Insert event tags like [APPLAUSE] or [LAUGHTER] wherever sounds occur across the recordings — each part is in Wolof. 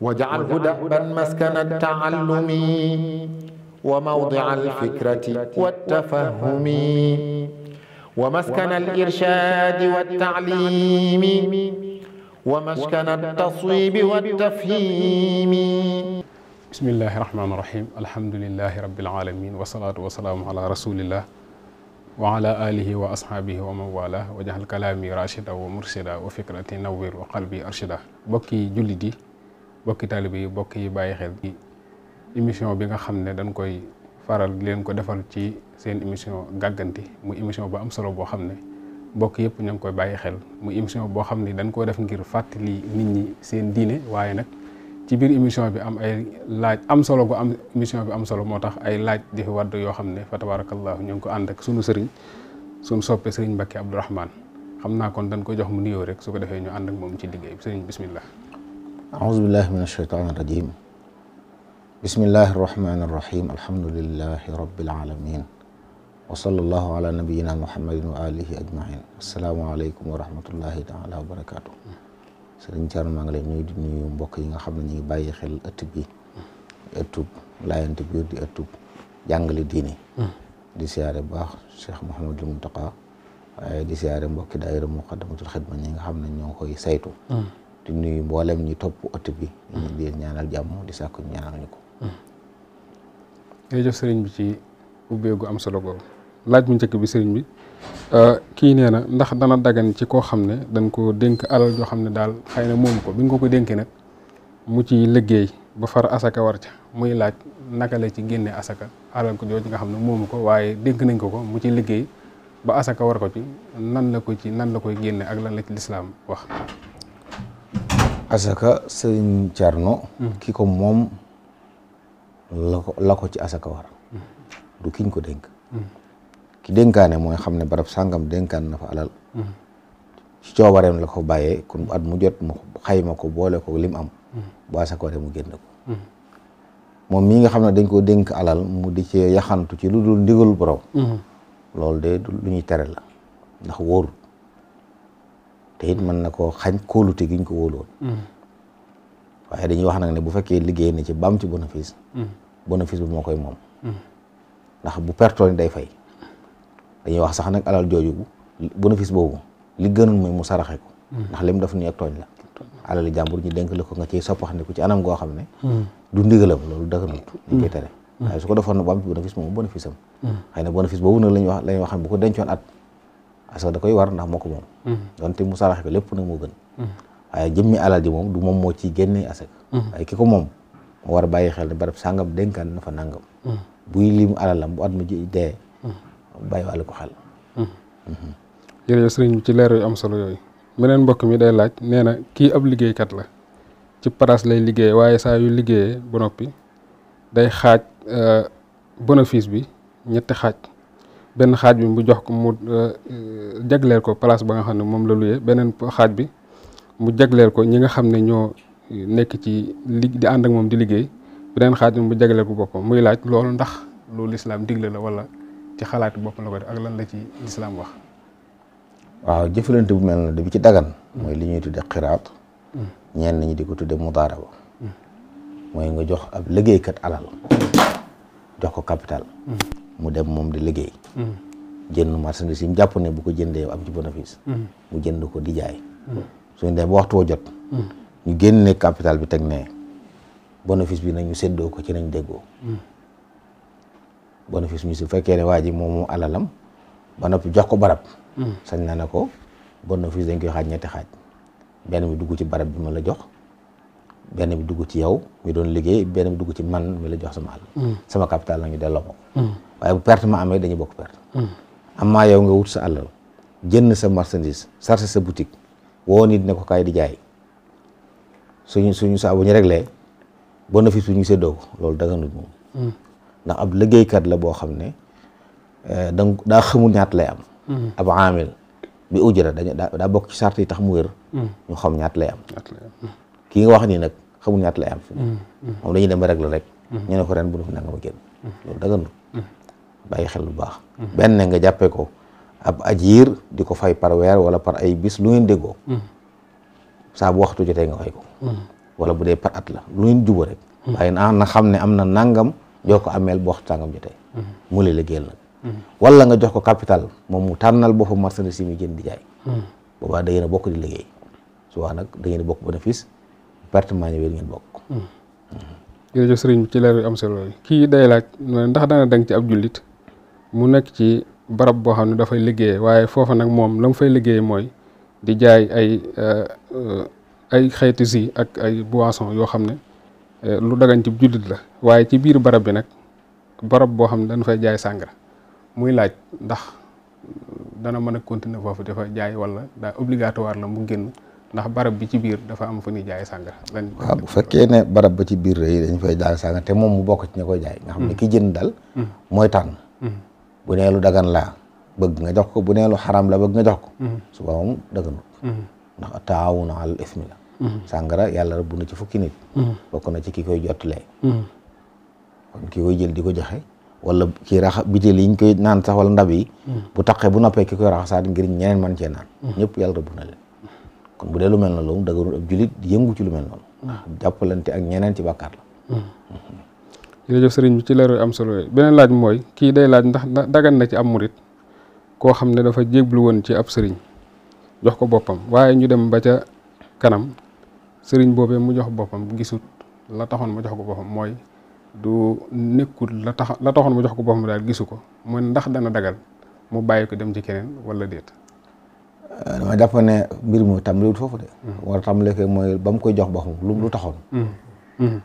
واجعله دأبا مسكن التعلم وموضع الفكرة والتفهم ومسكن الإرشاد والتعليم ومسكن التصويب والتفهيم بسم الله الرحمن الرحيم الحمد لله رب العالمين والصلاة والسلام على رسول الله وعلى آله وأصحابه ومن والاه وجعل كلامي راشدا ومرشدا وفكرتي نور وقلبي أرشدا بكي جلدي bokki taalibe yi bokk yi bàyyi xel ci émission bi nga xam ne dañ koy faral leen ko defal ci seen émission gàgganti mu émission bu am solo boo xam ne mbokk yëpp ña ngi koy bàyyi xel mu émission boo xam ne dañ koo def ngir fàttali nit ñi seen diine waaye nag ci biir émission bi am ay laaj am solo bu am émission bi am solo moo tax ay laaj di fi wadd yoo xam ne fa tabaarakallaahu ñu ngi ko ànd ak sunu sëriñ sunu soppe sëriñ Mbacke Abdourahmane xam naa kon dañ ko jox mu nuyoo rek su ko defee ñu ànd ak moom ci liggéey bi sëriñ أعوذ بالله من الشيطان الرجيم بسم الله الرحمن الرحيم الحمد لله رب العالمين وصلى الله على نبينا محمد وآله أجمعين السلام عليكم ورحمة الله تعالى وبركاته sëriñ Thierno maa ngi lay nuyu di nuyu mbokk yi nga xam ne ñu ngi bàyyi xel ëtt bi ëttub laayante biir di ëttub jàngale diini di siyaare baax Cheikh Mouhamadul Mountakha waaye di siyaare mbokki daayira Muqaddamatul Xidma ñi nga xam ne ñoo koy saytu di nuyu mboolem ñi topp ëtt bi. di ñaanal jàmm di sàkku ñaanal ñu ko. jërëjëf sëriñ bi ci ubbeegu am solo googu laaj bu njëkk bi sëriñ bi euh, kii nee na ndax dana dagan ci koo xam ne dañ ko dénk alal joo xam ne daal xëy na moomu ko bi nga ko ko dénkee nag mu ci liggéey ba far asaka war ca muy laaj naka la ci génne asaka alal xam ne moomu ko waaye dénk nañ ko mu ci liggéey ba asaka war ko ci ko ci nan la koy génne ak lan la ci lislaam wax. asaka sëriñ Thierno. Hmm. ki ko moom la la ko ci asaka war. Hmm. du kiñ ko dénk. Hmm. ki dénkaane mooy xam ne barab sàngam dénkaan nafa alal. ci coobareem la ko bàyyee kon at mu jot mu xayma ko boole ko lim am. bu asaka waree mu génn ko. moom mii nga xam ne dañ koo dénk alal mu di cee yaxantu ci lu dul ndigal borom. loolu de lu ñuy tere la ndax wóorul. te it mën na ko xañ kóolute giñ ko wóoloon waaye dañuy wax nag ne bu fekkee liggéey na ci bam ci bénéfice bénéfice bi moo koy moom ndax bu pertoon day fay dañuy wax sax nag alal jooju bénéfice boobu li gënoon mooy mu saraxe ko ndax lim daf ñu ak tooñ la alali jàmbur ñu dénk la ko nga ciy soppaxandiku ci anam goo xam ne du ndigalam loolu daganut dañ koy tere waaye su ko defoon na bu am ci bénéfice moom bénéfice am mm. xëy na boobu nag lañ wax parce que da koy war ndax moo ko moom. Hmm. donte mu sarax lépp nag moo gën. Hmm. waaye jëmmi alal ji moom du moom moo ciy génnee asaka. Hmm. waaye ki ko moom moo war bàyyi xel ne barab sàngam dénkaan na fa nangam. buy limu alalam bu mu bàyyi wàllu ko xel. jërëjëf sëriñ bi ci leer yu am solo yooyu beneen mbokk mi day laaj nee na kii ab kat la ci place lay liggéeyee waaye saa yu liggéeyee ba noppi day xaaj euh, bénéfice bi ñetti xaaj. benn xaaj bi mu jox ko mu euh, jagleel ko place ba nga xam ne moom la luyee beneen xaaj bi mu jagleel ko ñi nga xam ne ñoo nekk ci li di ànd ak moom di liggéey beneen xaaj bi mu jagleel ko boppam muy laaj loolu ndax loolu lislaam digle la wala ci xalaat boppam la ko def ak lan la ci lislaam wax. waaw jëfalante bu mel noonu da bi ci dagan. mooy li ñuy tudde xiraat. Mm. ñeen ñi di ko tudde mudaaraba. Mm. mooy nga jox ab liggéeykat alal jox ko capital. Mm. mu dem moom di liggéey. Mm. jënd marchandise yi mu jàpp ne bu ko jëndee am ci bénéfice. Mm. mu jënd ko di jaay. Mm. suñu dem ba waxtu woo jot. ñu génne capital bi teg ne bénéfice bi nañu séddoo ko ci nañ déggoo. bénéfice bi su fekkee ne waa ji moom mu alalam ba noppi jox ko barab. sañ na ne ko bénéfice dañ koy xaaj ñetti xaaj benn bi dugg ci barab bi ma la jox. benn bi dugg ci yow mi doon liggéey benn bi dugg ci man mi la jox sama àll. Mm. sama capital la ñu delloo ko. Mm. waaye bu perte ma amee dañuy bokk perte. Mm. amaa yow nga wut sa àll jënd sa marchandise sarse sa boutique woo nit ne ko kaay di jaay suñu suñu saa bu ñu réglé bénéfice bi ñu séddoo ko loolu daganut moom. ndax ab liggéeykat la boo xam ne eh, da daa xamul ñaata lay am. ab aamil bi ujra daa bokk ci sart yi tax mu wér. ñu xam ñaata lay am. kii nga wax nii nag xamul ñaata lay am fi mm, mm. moom dañuy dem ba rek la mm. rek ñu ne ko ren bu def nanga a génn loolu daganu bàyyi xel lu baax benn nga jàppee ko ab ajiir di ko fay par weer wala par ay bis lu ngeen déggoo saa bu waxtu nga fay ko wala bu dee par at la lu ngeen juba rek waaye na xam ne am na nangam jox ko ameel bu waxtu tàngam jotee mu lay liggéeyal nag wala nga jox ko capital moom mu tànnal boppam marchandise yi muy jënd di jaay boobaa da ngeen a bokk di liggéey su waa nag da ngeen a bokk bénéfice partement yi ngeen bokk. Hmm. sëriñ ci leer yu am solo kii day laaj ndax dana dang ci ab jullit mu nekk ci barab boo xam ne dafay liggéey waaye foofa nag moom la fay liggéey mooy di jaay ay eh, ay xeetu ak ay boisson yoo xam ne eh, lu dagan ci jullit la waaye ci biir barab bi nag barab boo xam ne dañ fay jaay sàngara muy laaj ndax dana mën a continuer foofu dafa jaay wala daa obligatoire la mu génn. ndax barab bi ci biir dafa am fu ñuy jaay sàngara. Ah, bu fekkee ne ba ci biir rëy fay jaay sàngara te moom mu bokk ci ña koy jaay. nga xam ne mm. ki jënd dal. Mm. mooy tànn. Mm. bu nee lu dagan laa bëgg nga jox ko bu nee lu xaram la bëgg nga jox ko. suba moom daganut. ndax taawuna al ismi sàngara yàlla rëbb na ci fukki nit. bokk na ci ki koy jottalee. kon ki koy jël di ko joxe. wala kii rax bitéel yi ñu koy naan sax wala ndab yi. bu taqee bu noppee ki koy raxasaat ngir ñeneen man cee naan. ñëpp yàlla rëbb na leen. kon bu dee lu mel na noonu dëgërul ab julit yëngu ci lu mel noonu. Ah. jàppalante ak ñeneen ci bàkkaar la. Hmm. Hmm. jërëjëf sëriñ bi ci leeru am solo beneen laaj mooy kii day laaj ndax dagal na ci am murit koo xam ne dafa jéblu woon ci ab sëriñ jox ko boppam waaye ñu dem ba ca kanam sëriñ boobee mu jox boppam gisut la taxoon mu jox ko boppam mooy du nekkul la tax la taxoon mu jox ko boppam daal gisu ko mooy ndax dana dagal mu bàyyi ko dem ci keneen walla déet. dama jàpp ne mbir mi tàmbaliwul foofu de. Mm. war a tàmbale ko mooy ba mu koy jox boppam lu lu taxoon. Mm. Mm.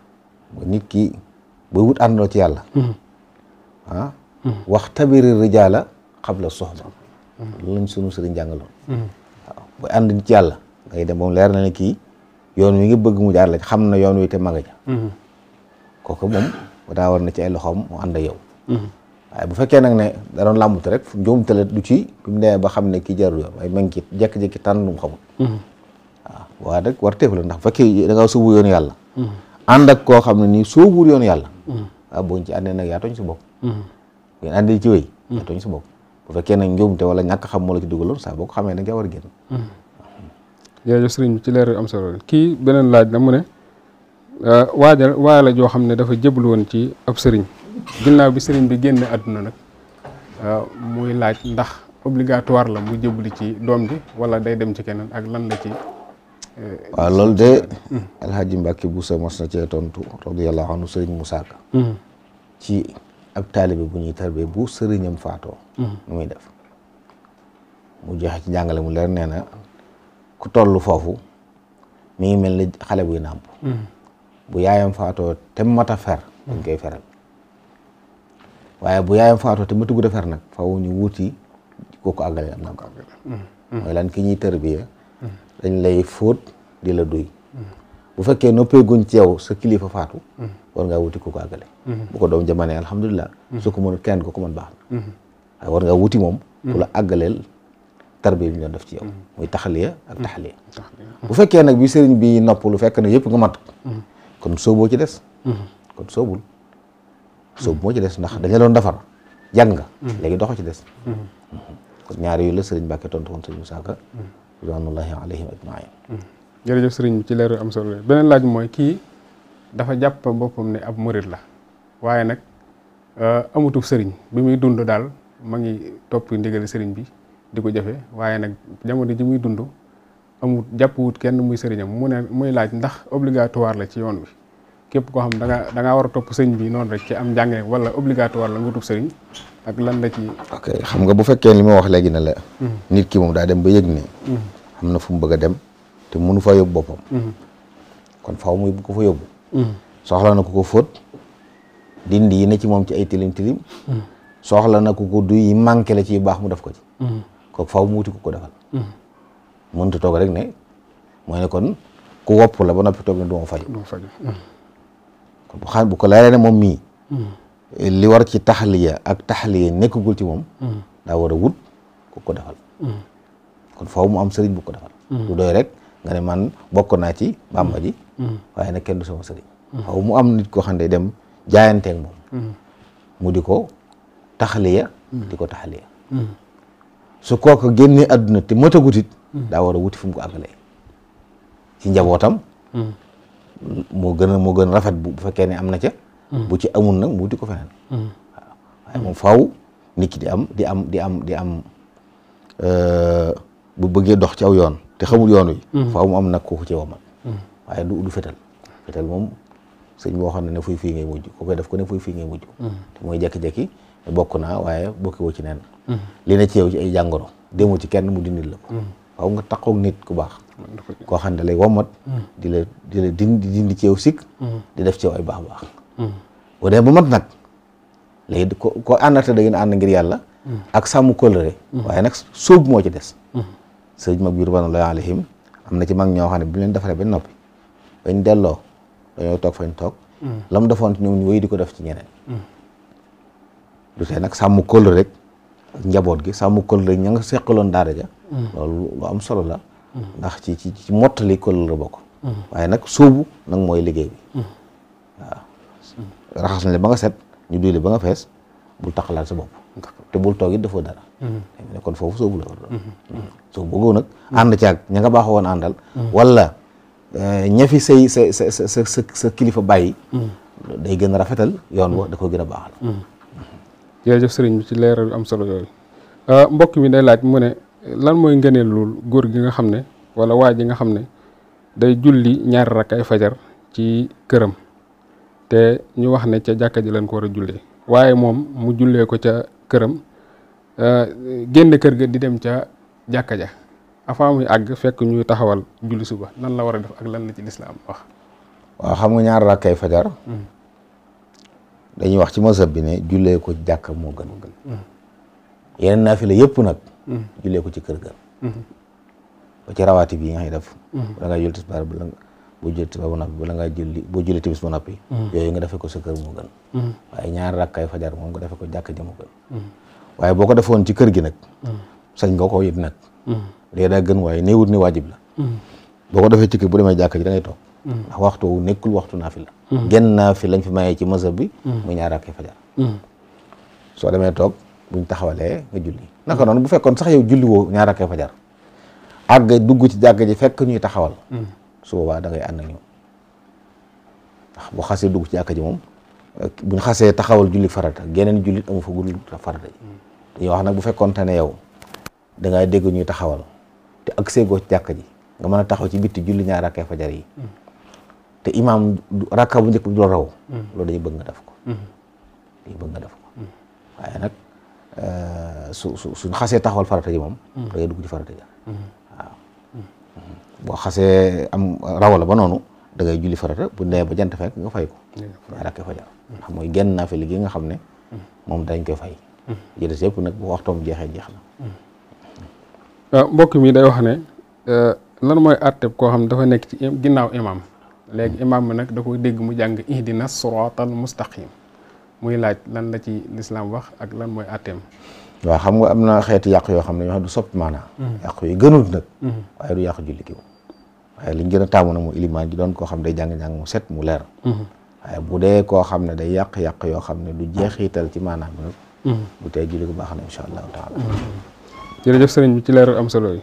ba nit ki ba wut àndoo ci yàlla. ah. wax tabiri rijaala xabla soxba. loolu lañ sunu sëriñ jàngaloon. waaw ba ànd ci yàlla ngay dem moom leer na ne kii yoon wi nga bëgg mu jaar la xam na yoon wi te ma nga ja. kooku moom daa war na ci ay loxoom mu ànd ak waaye bu fekkee nag ne da doon rek fu njuumte la du ci bu ba xam ne kii jarul yoon waaye ma ngi ci jékki-jékki tànn lu mu xamul. Mhm. waaw waaye nag war teef ndax bu fekkee da ngaa sóobu yoon yàlla. Mhm. ànd ak koo xam ne nii sóobuwul yoon yàlla. Mhm. boo ñu ci àndee nag yaa tooñ si bopp. bu ñu àndee ci wéy. yaa tooñ si bopp bu fekkee nag njuumte wala ñàkk xam moo la ci dugaloon saa boo ko xamee nag yaa war a génn. jërëjëf bi ci leer yu am solo kii beneen laaj na mu ne euh, waajal waaye la joo xam ne dafa jëblu woon ci ab sëriñ ginnaaw bi sëriñ bi génne àdduna nag muy laaj ndax obligatoire la mu jëbli ci doom bi wala day dem ci keneen ak lan la ci eh, waaw loolu de alhaji Mbàkke Buusa mos na cee tontu radiyallahu anhu sëriñ Musaa Ka mm-hmm. ci ab taalibe bu ñuy tarbe bu sëriñam faatoo mm-hmm. nu muy def mu joxe ci jàngale mu leer nee na ku toll foofu mi ngi mel ni xale buy nàmp mm-hmm. bu yaayam faatoo te mat fer dañ koy feral waaye bu yaayam faatoo te mu tugg defar nag faaw ñu wuti kooku àggale mooy lan ki ñuy tërbiya dañ lay fóot di la duy bu fekkee noppee guñ ci yow sa kilifa faatu war ngaa wuti kooku àggale bu ko doom jamanee alhamdulilah su ko mënut kenn ko ko mën baax na war ngaa wuti moom ku la àggaleel tarbiya bi ñu def ci yow muy taxaliya ak taxaliya bu fekkee nag bi sëriñ bi nopp lu fekk na yëpp nga mat kon sooboo ci des kon soobul soobu moo ci des ndax dañ la doon defar jàng nga mm-hmm. léegi dox ci des mm-hmm. Mm-hmm. kon ñaar yooyu la sëriñ Mbàkke tontu woon sëriñ Musaa Ka ridwanullahi alayhim ajmain jërëjëf sëriñ bi ci leeru am solo beneen laaj mooy kii dafa jàpp boppam ne ab murit la waaye nag uh, amutub sëriñ bi muy dund daal ma ngi topp ndigali sëriñ bi di ko jafe waaye nag jamono ji muy dund amut jàpp wut kenn muy sëriñam mu muy laaj ndax obligatoire la ci yoon wi képp koo xam da nga war a topp sëñ bi noonu rek ci am njàngale wala obligatoire la nga wutub sëriñ ak lan la ci. ok xam nga bu fekkee li ma wax léegi ne la. Hmm. nit ki moom daa dem ba yëg ni. Hmm. am na fu mu bëgg a dem te mënu fa yóbbu boppam. Hmm. kon faaw muy bu ko soxla na ku ko fóot dindi yi ne ci moom ci ay tilim tilim. na ku ko du la ci baax mu def ko ci. kooku faaw wuti ku ko defal. mënut a toog rek ne mooy ne kon ku wopp la ba noppi toog ne du faj. bu bu ko leeree ne moom mii. Hmm. li war ci taxaliya ak taxaliya nekkagul ci moom. Hmm. daa war a wut ku ko defal. Hmm. kon faaw mu am sëriñ bu ko defal. du doy rek nga ne man bokk naa ci bàmba ji. waaye nag kenn du sama sëriñ. faaw mu am nit koo xam ne dem jaayanteeg moom. mu di ko taxaliya. di ko taxaliya. su kooku génnee adduna te matagut it. daa war a wuti fu ko àggalee. ci njabootam. moo gën a moo gën rafet bu fekkee ne am na ca. Hmm. bu ci amul nag mu wuti ko feneen. Hmm. waaw waaye moom faaw nit ki di am di am di am di am euh, bu bëggee dox ci aw yoon te xamul yoon wi. Hmm. faaw mu am nag kooku ci womal. waaye du du fetal fetal moom sëñ bi waxoon ne fuy fii ngay mujj ku koy def ko ne fuy fii ngay mujj. te mooy jékki-jékki bokk naa waaye bokki woo ci neen li na ci yow ci ay jàngoro demoo ci kenn mu dindil la ko. waaw nga taqoog nit ku baax koo xam ne lay womat hmm. di la di la dindi dindi ceew sikk hmm. di def ceew ay baax baax hmm. bu dee bu mat nag léegi ko ko àndate da ngeen ànd ngir yàlla ak sàmm kóllëre waaye nag sóob moo ci des sëriñ mag bi ridwanullahi alayhim am na ci mag ñoo xam ne bi leen defaree ba noppi bañ delloo dañoo toog fañ toog lam defoon ci ñoom ñu wéy di ko def ci ñeneen du tee nag sàmm kóllëre rek njaboot gi sàmm kóllëre ña nga seqaloon daara ja loolu lu am solo la ndax ci ci ci mottali kóllëre bokk waaye nag sóobu nag mooy liggéey bi waaw raxas nañ ba nga set ñu duy ba nga fees bul taxalaat sa bopp te bul toog it defoo dara mm-hmm. ne kon foofu sóobu la war doon mm-hmm. Mm-hmm. nag ànd caag ña nga baaxoo woon àndal wala eh, ñafi say sa sa sa sa sa kilifa bàyyi day gën a rafetal yoon wa da ko gën a baaxal jërëjëf sëriñ bi ci leeral yu am solo yooyu ah, mbokk mi day laaj mu ne lan mooy ngëneelul góor gi nga xam ne wala waa ji nga xam ne day julli ñaari rakk ay fajar ci këram te ñu wax ne ca jàkka ji lañ ko war a jullee waaye moom mu jullee ko ca këram ah, génn kër ga di dem ca jàkka ja avant muy àgg fekk ñuy taxawal julli suba lan la war a def ak lan la ci lislaam wax. waaw xam nga ñaari ay fajar. Hmm. dañuy wax ci mazhab bi ne jullee ko jàkka moo gën yeneen naafila yëpp nag jullee ko ci kër gën ba ci rawaati bi yi nga xam ne def bala ngaa jël tisbaar bala boo jël tisbaar ba noppi bala ngaa boo julli timis ba noppi nga defe ko sa kër moo gën waaye ñaar rakkaay fajar moom nga defe ko jàkka ji ko defoon ci kër gi nag sañ nga ko yit nag léegi mm. daa gën waaye néewut ni waajib la mm. boo ko defee ci kër bu demee jàkka ji da ngay ndax waxtu wu nekkul waxtu naa fi naafila mm. genn naafi lañ fi mayee ci mazhab bi mm. muy ñaar fajar mm. soo demee toog buñ taxawalee nga julli naka noonu bu fekkoon sax yow julli woo ñaar rakk dugg ci jàgg ji fekk ñuy taxawal da ngay ànd ak xasee dugg ci jàkka ji moom buñ xasee taxawal julli farata geneen jullit amu fa gudul farata ji wax nag bu fekkoonte ne yow da dégg ñuy taxawal te ak seegoo ci jàkka ji nga mën a taxaw ci bitti julli ñaar rakkee fajar yi te imaam rakka bu njëkk bi du raw. Mm-hmm. loolu dañuy bëgg nga def ko. Mm-hmm. dañuy bëgg nga def ko. Mm-hmm. waaye nag euh, su su xasee taxawal farata ji moom. da ngay dugg ci farata boo xasee am raw ba noonu da julli farata bu nee ba jant fekk nga fay ko. mooy genn naa fi liggéey nga xam ne. moom dañ koy fay. jërëjëf yëpp nag bu waxtoom jeexee jeex na. Ah, mbokk mi day wax ne euh, lan mooy àtteeb koo xam ne dafa nekk ci ginnaaw imaam. léegi imaam bi nag da ko dégg mu jàng ihdina siraatal mustaqim muy laaj lan la ci lislaam wax ak lan mooy àtteem waa xam nga am na xeet yàq yoo xam ne yoo du soppi maanaa mm-hmm. yàq yooyu gënut nag mm-hmm. waaye du yàq julli gën a taamu na mu ilimaan ji doon koo xam day jàng-jàng set mu leer mm-hmm. waaye bu koo xam ne day yàq-yàq yoo xam ne du jeexital ci maanaam bi nag bu tey julli ko baax na insha allahu taala jërëjëf sëriñ bi ci leeral am solo yi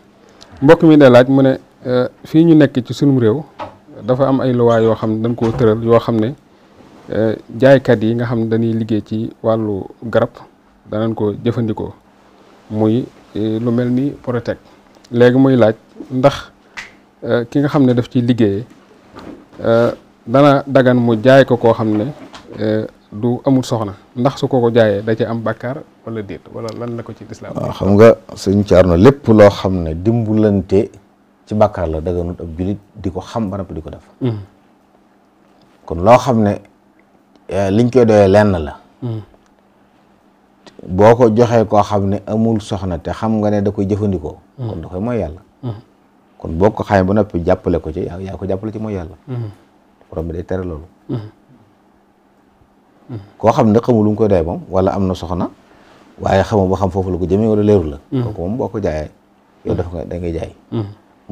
mbokk mi de laaj mu ne euh, fii ñu nekk ci sunum réew dafa am ay luwaa yoo xam ne dañ koo tëral yoo xam ne euh, jaaykat yi nga xam ne dañuy liggéey ci wàllu garab danañ ko jëfandikoo muy euh, lu mel ni Protet léegi muy laaj ndax euh, ki nga xam ne daf ciy liggéeyee dana dagan mu jaay ko koo xam ne du amul soxna ndax su ko ko jaayee da ci am bàkkaar wala déet wala lan la ko ci lislaam waaw xam nga suñ caarno lépp loo xam ne dimbalante ci bàkkaar la daganut ab julit di ko xam ba noppi di ko def hmm. loo xam ne eh, liñ koy doyee lenn la hmm. ko joxee ne amul soxna te xam nga ne da koy jëfandikoo hmm. kon da koy mooy yàlla kon boo ko xamee ba noppi jàppale ko ci yaa ko jàppale ci mooy yàlla borom bi day tere loolu koo xam ne xamul lu koy doy moom wala am na soxna waaye xamu ba xam foofu ko jëmee wala leeru la kooku moom boo ko jaayee yow dafa nga da ngay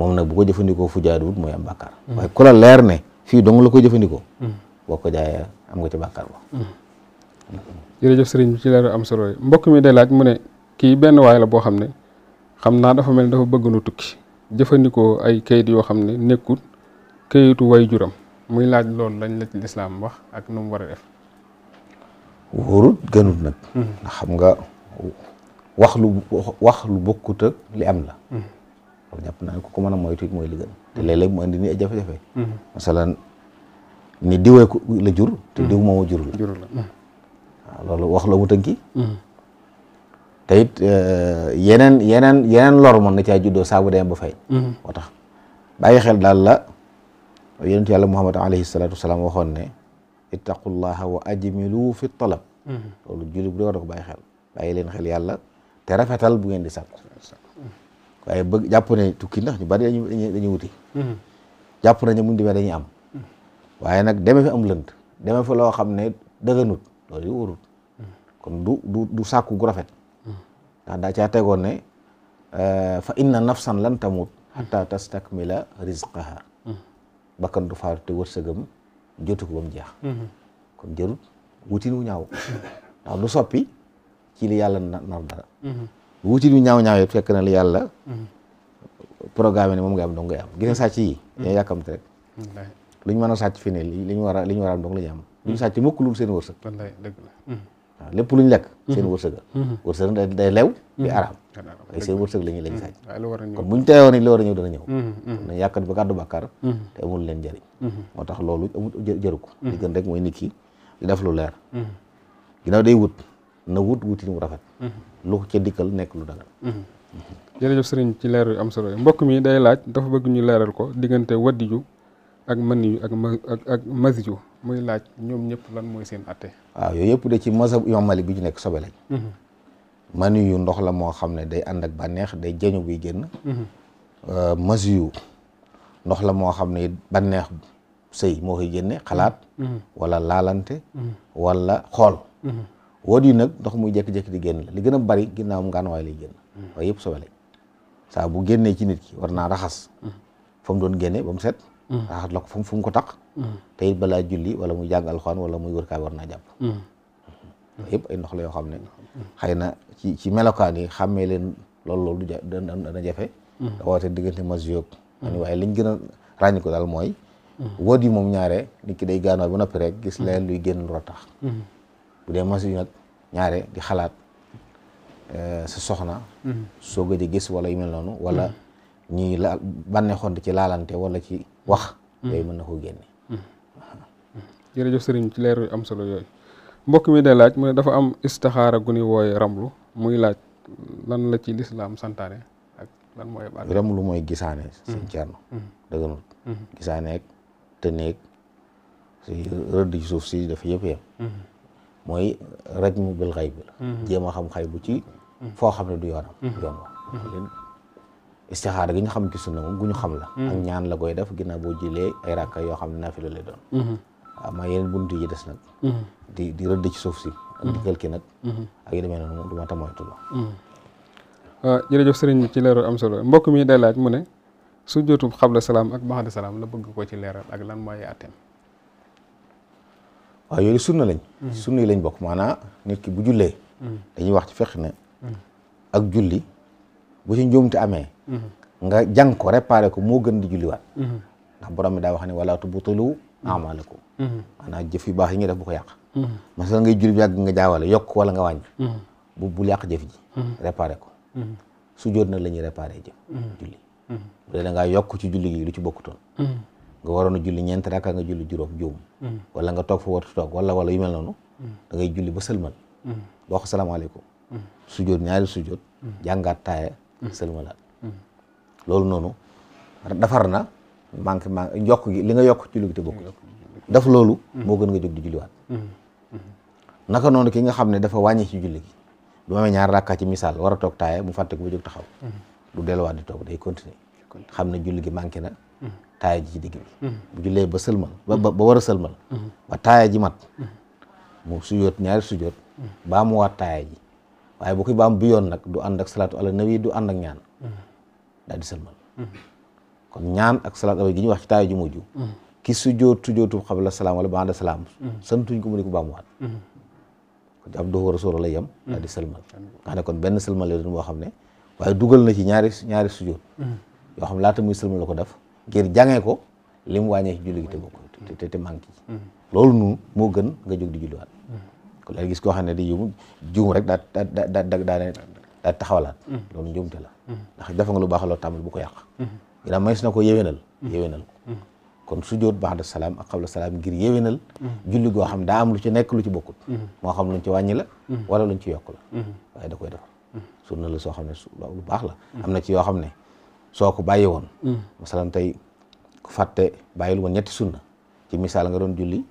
moom nag bu ko jëfandikoo fu jaaduwut mooy am bàkkaar waaye ku la leer ne fii dong la koy jëfandikoo boo ko jaayee am nga ci bàkkaar ba jërëjëf sëriñ bi ci am solo mbokk mi day laaj mu ne kii benn waay la boo xam ne xam naa dafa mel ne dafa bëgg nu tukki jëfandikoo ay kayit yoo xam ne nekkul kayitu way juram muy laaj lool lañ la ci lislaam wax ak nu mu war a def wóorut gënut nag hmm. xam nga wax lu wax li am la hmm. jàpp naa ne ko mën a moytu mooy li gën te léeg-léeg mu indi ni ay jafe-jafe mhm. masalan ni diwee ko la jur te mhm. diw moomu jurul la waaw loolu wax la mu tënki mhm. te euh, yeneen yeneen yeneen lor mën na caa juddoo saabu dem ba fay moo tax bàyyi xel daal la yonentu yàlla muhammad alayhi salaatu wasalaam waxoon ne ittaqullaha wa ajmilu fi talab loolu julli bu dee war a ko bàyyi xel di sàkku waaye bëgg jàpp ne tukki ndax ñu bari dañuy dañuy wuti. Mhm. jàpp nañu mu demee dañuy am. Mhm. waaye nag demee fi am lënd demee fa loo xam ne dëgënut loolu yu wóorul. Mhm. kon du du du sàkku gu rafet. ndax daa caa tegoon ne euh, fa inna nafsan lan tamut. hatta tastakmila rizqaha. bakkan du faatu te wërsëgam jotu ko ba mu jeex. kon jarut wutin wu ñaaw. ndax du soppi ci li yàlla nar dara. wuti yu ñaaw ñaaw yëpp fekk na li yàlla programme ne moom nga am dong ngay am gis nga sàcc yi mm-hmm. dañuy yàkkamte rek lu ñu mën a sàcc fi ne li ñu war a li ñu war a am dong la ñu am duñu sàcc mukk lu seen wërsëg wallaay dëgg la mm-hmm. waaw lépp lu ñu lekk mm-hmm. seen wërsëg la wërsëg day day lew di araam ay seen wërsëg la ñu lañ sàcc kon buñ teewoon ni li war a ñëw dana ñëw nañ yàkkat ba gàddu bàkkaar te amul leen njëriñ moo tax loolu amul jëru gën rek mooy nit ki di lu leer ginnaaw day wut na wut wuti mu rafet lu ca dikkal nekk lu dagal jërëjëf sëriñ ci leer yu am solo mbokk mi day laaj dafa bëgg ñu leeral ko diggante wadiju ak mën yu ak ak ak masiju muy laaj ñoom ñëpp lan mooy seen atte waaw yooyu yëpp de ci masab imam Malik bi ñu nekk sobe mhm. yu ndox la moo xam ne day ànd ak bànneex day jëñu buy génn mhm. euh, masiyu ndox la moo xam ne bànneex sëy moo koy xalaat mhm. wala laalante wala xool woot yi nag ndox muy jékki-jékki di génn la li gën a bari ginnaaw mu gànnaay lay génn hmm. waaye yëpp sobe lañ saa bu génnee ci nit ki war naa raxas hmm. fa doon génne ba mu set hmm. raxas la ko fu ko taq te it balaa julli wala muy jàngal alxuraan wala muy wër kaay war naa jàpp yëpp ay ndox la yoo xam ne xëy na ci ci melokaan yi xàmmee leen loolu loolu du dana jafe woote diggante mas yoog ani waaye liñ gën a ràññ ko daal mooy woot yi moom ñaare nit ki day gànnaay ba noppi rek gis leen luy génn lu tax bu dee masu yu nag ñaare di xalaat euh, sa soxna mm-hmm. soo gëj a gis wala yu mel noonu wala mm-hmm. ñuy la bànne xont ci laalante walla ci wax mm-hmm. yooyu mën na koo génne jërëjëf sëriñ ci leer am solo yooyu mbokk mi day laaj mu ne dafa am istixaara gu ñuy wooye ramlu muy laaj lan la ci lislaam santaane ak lan mooy baat ramlu mooy gisaane sëñ Cerno dëgganut gisaane ak tëneeg rëdd suuf si dafa yëpp yem mooy rajmu bil xayb la mm-hmm. jéem a xam xaybu ci foo xam ne du yoonam mm-hmm. yoon wa mm-hmm. istixaara gi ñu xam ci sunna moom gu ñu xam la ak ñaan la koy def ginnaaw boo jilee ay rakka yoo xam ne naafila lay doon waaw yen yeneen bunt yi des nag di di rëdd ci suuf si ak di kël ki nag ak yi demee noonu moom du ma tamoytu la ah, waaw jërëjëf sëriñ bi ci leeral am solo mbokk mi day laaj mu ne sujjootu xabla salaam ak baxda salaam la bëgg ko ci leeral ak lan mooy atteem waaw yooyu sunna lañ sunna yi lañ bokk maanaam nit ki bu jullee dañuy wax ci fekk ne ak julli bu ci njuumte amee nga jàng ko réparé ko moo gën di julliwaat ndax borom mi daa wax ne wala tubtulu amalakum maanaam jëf yu baax yi nga ko yàq parce que ngay julli bi yàgg nga jaawale yokk wala nga wàññi bu bul yàq jëf ji réparé ko su jóot nag la ñuy réparé julli bu dee da yokk ci julli gi lu ci bokkutoon nga waroon a julli ñeenti rakka nga julli juróom juum mm. wala nga toog fa wartu toog wala wala yu mel noonu mm. da ngay julli ba sëlmal nga mm. wax salaamaaleykum sujoot ñaari sujoot jàngaat taaya sëlmalaat loolu noonu dafar yokk gi li nga yokk julli gi te bokk daf loolu moo gën nga jóg di julliwaat naka noonu ki nga xam ne dafa wàññi ci julli gi bu amee ñaar rakka ci misaal war a toog taaya mu fàtte ko ba jóg taxaw du delluwaat di toog day continuer xam ne julli na taaya ji ci digg bi mhm. bu jullee ba sëlmal ba ba war a sëlmal mhm. ba taaya ji mat mhm. mu sujoot ñaari sujoot baa mu waat taaya ji waaye bu koy baam bi nag du ànd ak salaatu ala du ànd ak ñaan daal di sëlmal kon ñaan ak salaatu ala gi ñuy wax ci taaya ji mujj ki sujoot sujootu xabla salaam wala salaam santuñ ko mu ne ko baamuwaat kon ab doxu rasul la yem daal di sëlmal nga ne kon benn sëlmal la doon boo xam ne waaye dugal na ci ñaari ñaari sujoot yoo xam laata muy sëlmal la ko ngir jàngee ko li mu wàññee ci julli gi te bokk te te manqué yi loolu nu moo gën nga jóg di julliwaat kon la gis koo xam ne di juum juum rek da daa daa daa daa taxawalaat loolu njuumte la ndax dafa nga lu baax loo tàmbali bu ko yàq ginnaaw mays na ko yéwénal yéwénal ko kon sujjoot ba'da salaam ak qabla salaam ngir yéwénal julli goo xam daa am lu ci nekk lu ci bokkut moo xam luñ ci wàññi la wala luñ ci yokk la waaye da koy defar sunna la soo xam lu baax la am na ci yoo xam soo ko bàyyi woon mm. masalan tey ku fàtte bàyyil woon ñetti sunna ci misaal nga doon julli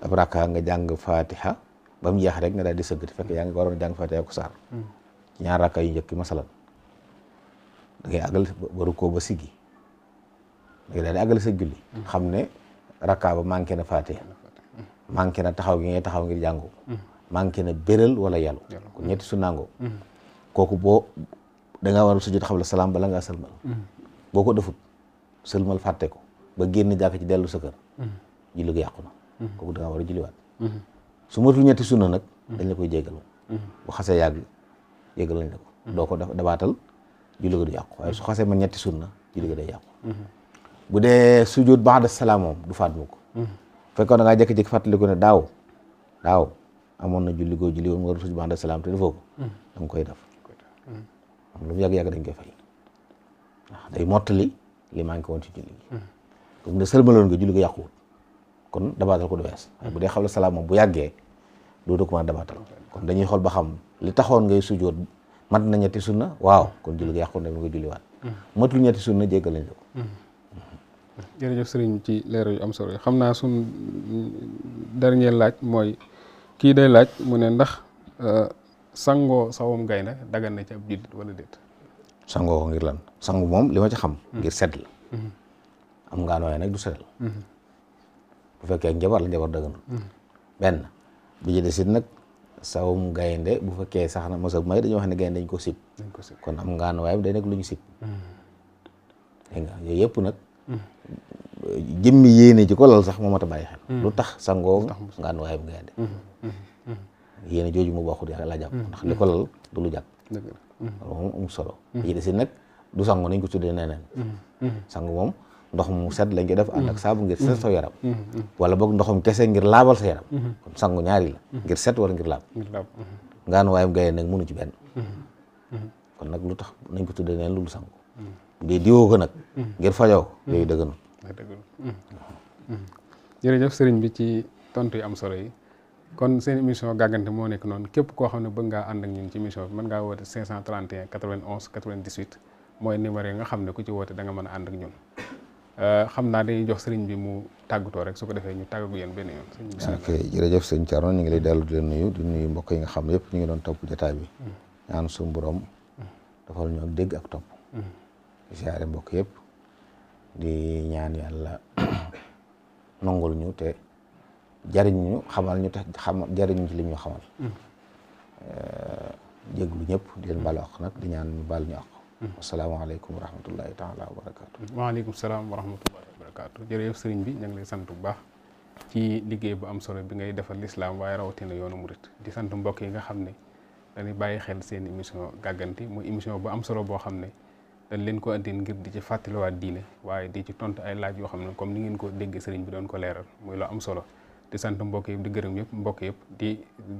ab raka nga jàng fatiha ba mu jeex rek nga daal di sëgg fekk yaa ngi waroon jàng fatiha ku saar mm. ñaar raka yu njëkk masalan da ngay àggal baru koo ba siggi julli mm. xam ne raka ba manqué na fatiha manqué na taxaw gi ngay taxaw ngir jàngu manqué na béral wala yàllu ko ñetti su nango dangaa waral sujjóot xabla salaam bala ngaa sëlmal mm-hmm. boo ko defut sëlmal fàtte ko ba génn jàkk ci dellu sa kër mm-hmm. julli ko yàqu na mm-hmm. kooku dangaa war a julliwaat su matul ñetti sunna nag dañ la koy jéggal bu xasee doo ko dabaatal julli ko du yàqu waaye su xasee man ñetti sunna julli ko day yàqu bu dee sujjóot ba'da salaam moom du faat mukk fekkoon da ngaa jékki-jékki fàttaliku ne daaw daaw amoon na julli goo julli woon nga doon sujjóot ba'da salaam te defoo ko da koy def lu mu yàgg-yàgg dañ koy fay ndax day mottali li manqué woon ci julli gi hmm. comme de sëlmaloon nga julli nga yàquwut kon dabaatal ko du wees bu dee xawla salaam moom bu yàggee dootu ko mën a dabaatal kon dañuy xool ba xam li taxoon ngay sujoot mat na ñetti sunna waaw hmm. kon julli nga yàqu na nga julliwaat hmm. matul ñetti sunna jéggal nañ la ko jërëjëf sëriñ ci leer yu am solo yi xam naa suñ dernier laaj mooy kii day laaj mu ne ndax euh, sangoo sawum gaynde dagan na ci ab jullit wala déet sangoo ko ngir lan sangu moom lima ci xam mm-hmm. ngir sedd la mm-hmm. am ngaan waaye nag du seddal mm-hmm. bu fekkee ak njabar la njabar daganul benn bi ci des nag sawum gaynde bu fekkee sax na masa may dañoo wax ne gaynde dañ ko sib kon am ngaan waaye day nekk lu ñu sib dégg nga yooyu yëpp nag jëmmi yéene ko lal sax moo mat a bàyyi xel lu tax sangoo ngaan waaye gaynde yéen jooju mu waxut yàlla a jàpp mm-hmm. ndax li ko lal du lu jàpp mm-hmm. loolu moom amul mm-hmm. du sangu nañ ko tuddee neneen sangu moom ndox mu set lañ koy def ànd ak saabu ngir set sa yaram wala boog ndoxum kese ngir laabal sa yaram kon sangu ñaari la ngir set wala ngir laab ngaan waayam gaye nag mënu ci lu tax nañ ko tuddee neen lu dul di diwoo ko nag ngir fajoo ko yooyu dëgganul jërëjëf sëriñ bi ci tontu yu am solo yi kon seen émission gàggante moo nekk noonu képp koo xam ne bëgg ngaa ànd ak ñun ci émission bi mën ngaa woote 531 91 98 mooy nga ne ku ci woote da nga mën a ànd ak ñun euh, xam naa dañuy jox sëriñ bi mu tàggatoo rek su ko defee ñu tàggagu yéen benn yoon. ok jërëjëf sëñ ñu ngi lay dellu di leen nga xam ne yëpp ñu ngi doon topp jotaay bi. Mm-hmm. ñaan suñu borom. dafal ñu ak dégg ak topp. Mm-hmm. di siyaare mbokk yëpp di ñaan yàlla [COUGHS] nangul ñu te. jariñ ñu xamal ñu tax xam jariñ ci li ñu xamal mm. euh, jéglu ñëpp di leen baal wax nag di ñaan ñu baal ñu wax mm. wasalaamaaleykum wa rahmatullahi taala wa barakaatu waaleykum salaam wa rahmatullahi wa barakaatu jërëjëf sëriñ bi ñu ngi lay sant bu baax ci liggéey bu am solo bi ngay defal lislaam waaye rawatina yoonu murit di sant mbokk yi nga xam ne dañuy bàyyi xel seen émission gàgganti muy émission bu am solo boo xam ne dañ leen ko andi ngir di ci fàttaliwaat diine waaye di ci tont ay laaj yoo xam ne comme ni ngeen ko déggee sëriñ bi doon ko leeral muy lu am solo di sant mbokk yëpp di gërëm yëpp mbokk yëpp di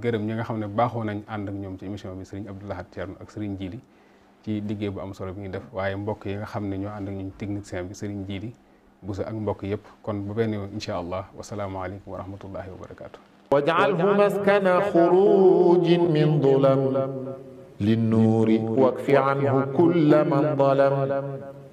gërëm ñi nga xam ne baaxoo nañ ànd ak ñoom ci émission bi sëriñ Abdou Lahad Thierno ak sëriñ Jili ci liggéey bu am solo bi ñu def waaye mbokk yi nga xam ne ñoo ànd ak ñun technicien bi sëriñ Jili Buso ak mbokk yëpp kon ba benn yoon incha allah wasalaamualeykum wa barakaatu. waj'alhu maskana xurujin min dulam linnuuri wakfi anhu kulla man dalam